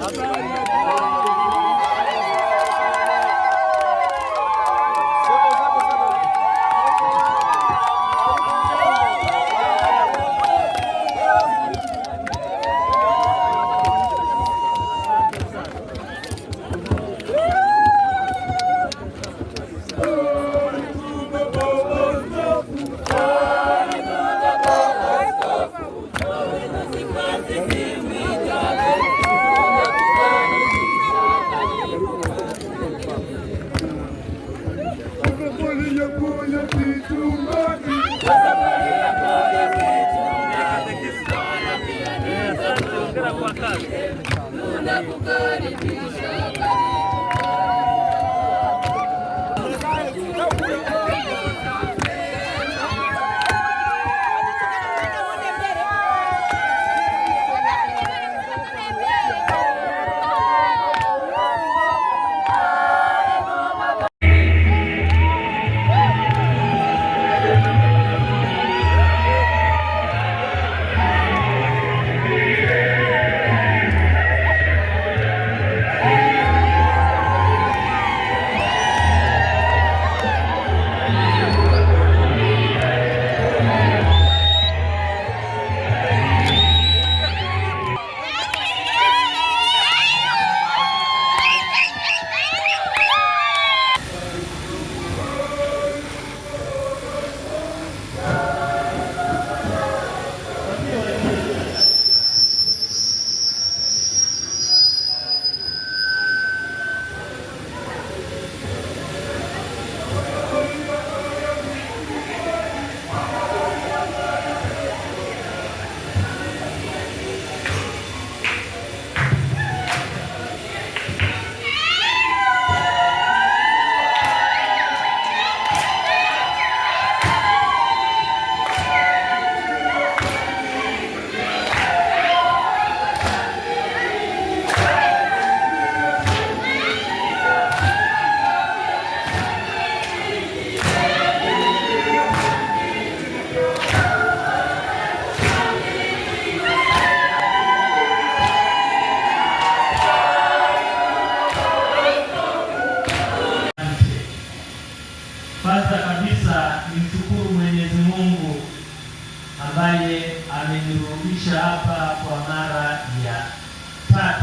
あ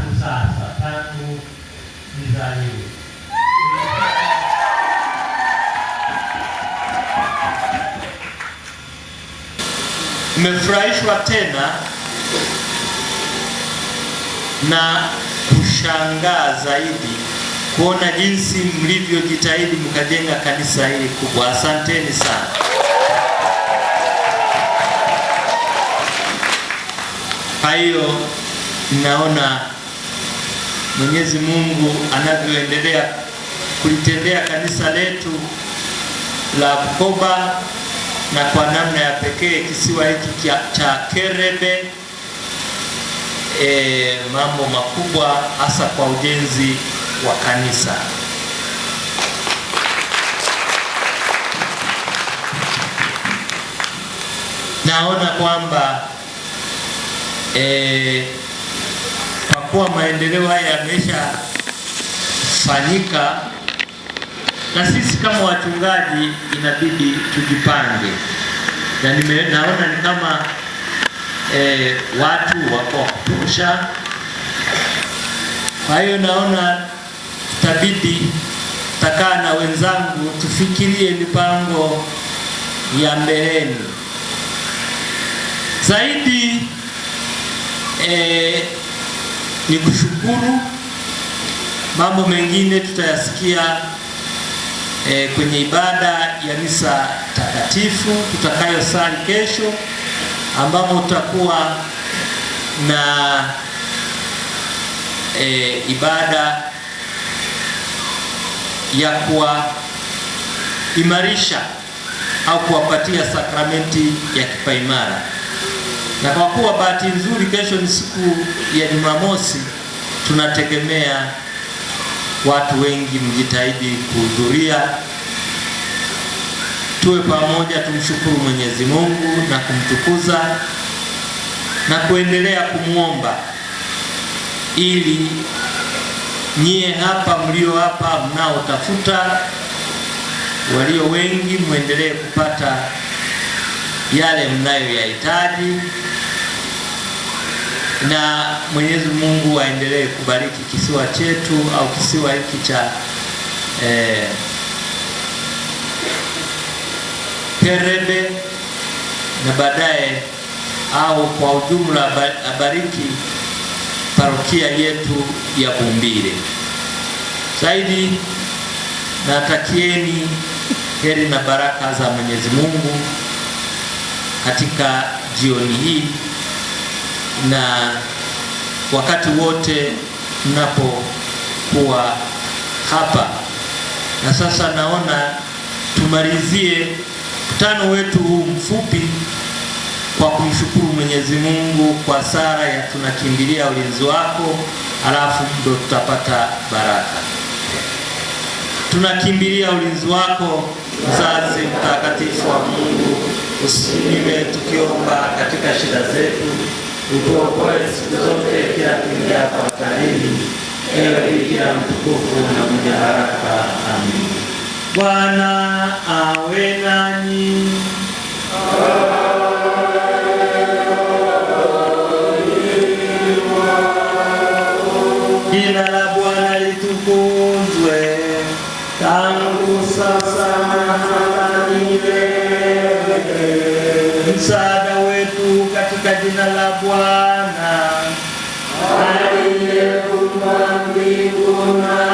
tatu sasa, tatu nizaliwe mmefurahishwa tena na kushangaa zaidi kuona jinsi mlivyojitahidi mkajenga kanisa hili kubwa. Asanteni sana. Kwa hiyo naona Mwenyezi Mungu anavyoendelea kulitendea kanisa letu la Bukoba na kwa namna ya pekee kisiwa hiki cha Kerebe. E, mambo makubwa hasa kwa ujenzi wa kanisa. Naona kwamba e, kuwa maendeleo haya yamesha fanyika na sisi kama wachungaji inabidi tujipange, na nimeona ni kama e, watu wako kutosha. Kwa hiyo naona itabidi takaa na wenzangu tufikirie mipango ya mbeleni zaidi e, ni kushukuru. Mambo mengine tutayasikia eh, kwenye ibada ya misa takatifu tutakayosali kesho, ambapo tutakuwa na e, ibada ya kuwaimarisha au kuwapatia sakramenti ya kipaimara na kwa kuwa bahati nzuri kesho ni siku ya Jumamosi, tunategemea watu wengi mjitahidi kuhudhuria, tuwe pamoja, tumshukuru Mwenyezi Mungu na kumtukuza na kuendelea kumwomba ili nyie hapa mlio hapa mnaotafuta walio wengi mwendelee kupata yale mnayoyahitaji na Mwenyezi Mungu aendelee kubariki kisiwa chetu au kisiwa hiki cha eh, Perebe na baadaye au kwa ujumla abariki parokia yetu ya Bumbire. Zaidi natakieni heri na baraka za Mwenyezi Mungu katika jioni hii na wakati wote mnapokuwa hapa. Na sasa naona tumalizie mkutano wetu huu mfupi kwa kumshukuru Mwenyezi Mungu kwa sala ya tunakimbilia ulinzi wako, alafu ndo tutapata baraka. Tunakimbilia ulinzi wako, mzazi mtakatifu wa Mungu, usinime tukiomba katika shida zetu utuokoe siku zote kila kuingia hatarini, ewe Bikira mtukufu na mwenye baraka. Amin. Bwana awe nanyi. Jina la Bwana litukuzwe tangu sasa na Ангелу, ангелу, ангелу,